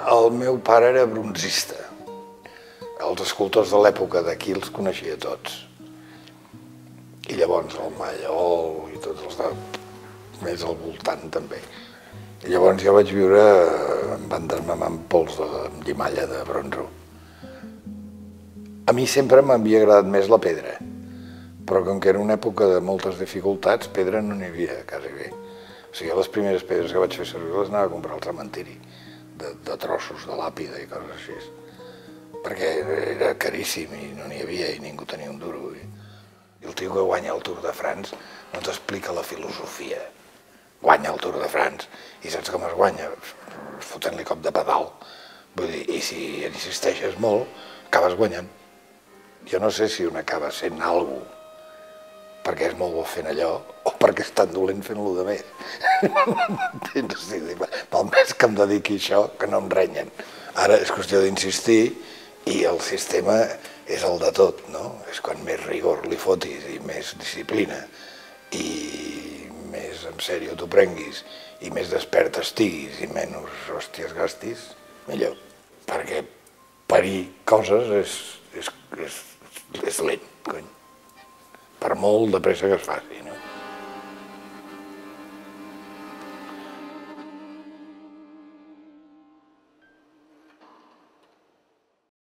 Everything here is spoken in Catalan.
El meu pare era bronzista. Els escultors de l'època d'aquí els coneixia tots. I llavors el Mallol i tots els de... més al voltant també. I llavors jo vaig viure envandemant pols de llimalla de bronzo. A mi sempre m'havia agradat més la pedra, però com que era una època de moltes dificultats, pedra no n'hi havia quasi bé. O sigui, les primeres pedres que vaig fer servir les anava a comprar al cementiri de, de trossos de làpida i coses així perquè era caríssim i no n'hi havia i ningú tenia un duro. I, I el tio que guanya el Tour de France no t'explica la filosofia. Guanya el Tour de France i saps com es guanya? Fotent-li cop de pedal. Vull dir, i si insisteixes molt, acabes guanyant. Jo no sé si un acaba sent algú perquè és molt bo fent allò o perquè és tan dolent fent-lo de més. pel és que em dediqui això, que no em renyen. Ara és qüestió d'insistir i el sistema és el de tot, no? És quan més rigor li fotis i més disciplina i més en sèrio t'ho prenguis i més despert estiguis i menys hòsties gastis, millor. Perquè parir coses és, és, és, és lent, cony. Per molt de pressa que es faci, no?